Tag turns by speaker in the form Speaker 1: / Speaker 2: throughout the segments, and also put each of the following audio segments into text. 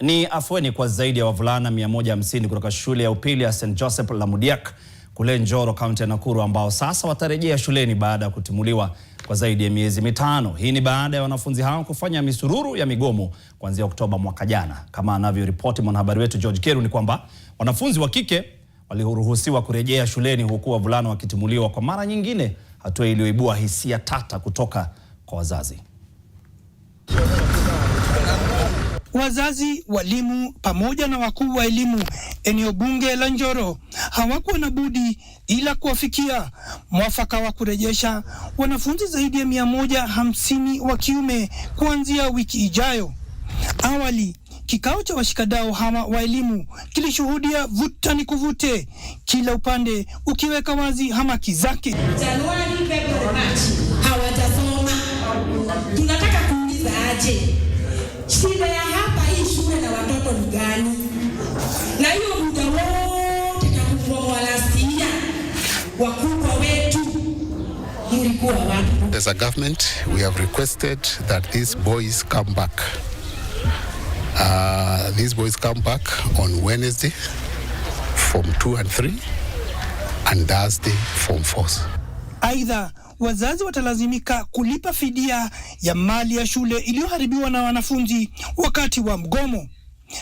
Speaker 1: Ni afueni kwa zaidi ya wavulana 150 kutoka shule ya upili ya St Joseph Lamudiak kule Njoro, kaunti ya Nakuru, ambao sasa watarejea shuleni baada ya kutimuliwa kwa zaidi ya miezi mitano. Hii ni baada ya wanafunzi hao kufanya misururu ya migomo kuanzia Oktoba mwaka jana. Kama anavyoripoti mwanahabari wetu George Keru, ni kwamba wanafunzi wa kike waliruhusiwa kurejea shuleni huku wavulana wakitimuliwa kwa mara nyingine, hatua iliyoibua hisia tata kutoka kwa wazazi.
Speaker 2: Wazazi, walimu pamoja na wakuu wa elimu eneo bunge la Njoro hawakuwa na budi ila kuwafikia mwafaka wa kurejesha wanafunzi zaidi ya mia moja hamsini wa kiume kuanzia wiki ijayo. Awali kikao cha washikadau hawa wa elimu kilishuhudia vuta ni kuvute, kila upande ukiweka wazi hamaki zake. Januari, Februari, Machi hawatasoma. Tunataka kuuliza aje? sababu
Speaker 3: gani? Na hiyo muda wote takuawalastia wakubwa wetu mulikuwa watu. As a government we have requested that these boys come back. Uh, these boys come back on Wednesday from 2 and 3 and Thursday from 4.
Speaker 2: Aidha, wazazi watalazimika kulipa fidia ya mali ya shule iliyoharibiwa na wanafunzi wakati wa mgomo.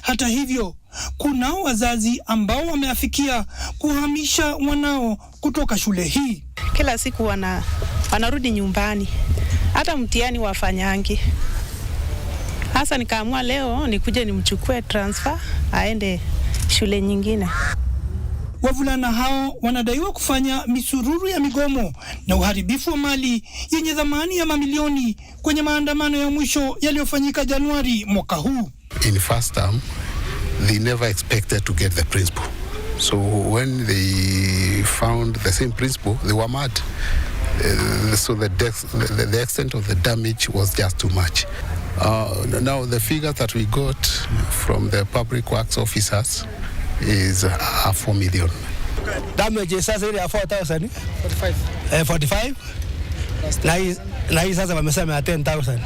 Speaker 2: Hata hivyo, kunao wazazi ambao wameafikia kuhamisha wanao kutoka shule hii.
Speaker 4: Kila siku wana, wanarudi nyumbani, hata mtihani wafanyangi. Hasa nikaamua leo nikuje nimchukue transfer aende shule nyingine.
Speaker 2: Wavulana hao wanadaiwa kufanya misururu ya migomo na uharibifu wa mali yenye thamani ya mamilioni kwenye maandamano ya mwisho yaliyofanyika Januari mwaka huu
Speaker 3: in first term, they never expected to get the principal. So when they found the same principal, they were mad. Uh, so the, the, the, extent of the damage was just too much. Uh, now, the figure that we got from the public works officers is uh, four million.
Speaker 5: Damage is sasa ile ya 4,000
Speaker 6: 45
Speaker 5: eh, 45 Now, now sasa wamesema ya 10,000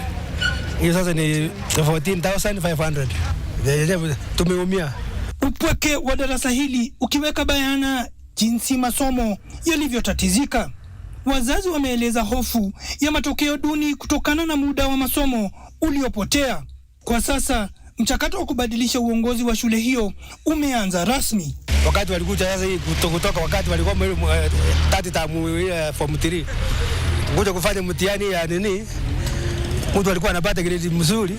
Speaker 5: hiyo sasa ni 14500 tumeumia.
Speaker 2: Upweke wa darasa hili ukiweka bayana jinsi masomo yalivyotatizika. Wazazi wameeleza hofu ya matokeo duni kutokana na muda wa masomo uliopotea. Kwa sasa mchakato wa kubadilisha uongozi wa shule hiyo umeanza rasmi.
Speaker 7: Wakati walikuja sasa hii kutoka, wakati walikuwa tati eh, tamu eh, form 3 kuja kufanya mtihani ya nini mtu alikuwa anapata gredi mzuri,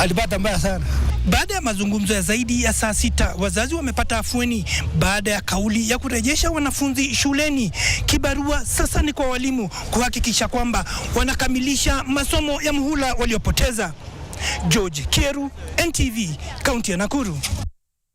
Speaker 7: alipata mbaya sana.
Speaker 2: Baada ya mazungumzo ya zaidi ya saa sita, wazazi wamepata afueni baada ya kauli ya kurejesha wanafunzi shuleni. Kibarua sasa ni kwa walimu kuhakikisha kwamba wanakamilisha masomo ya muhula waliopoteza. George Kieru, NTV, kaunti ya Nakuru.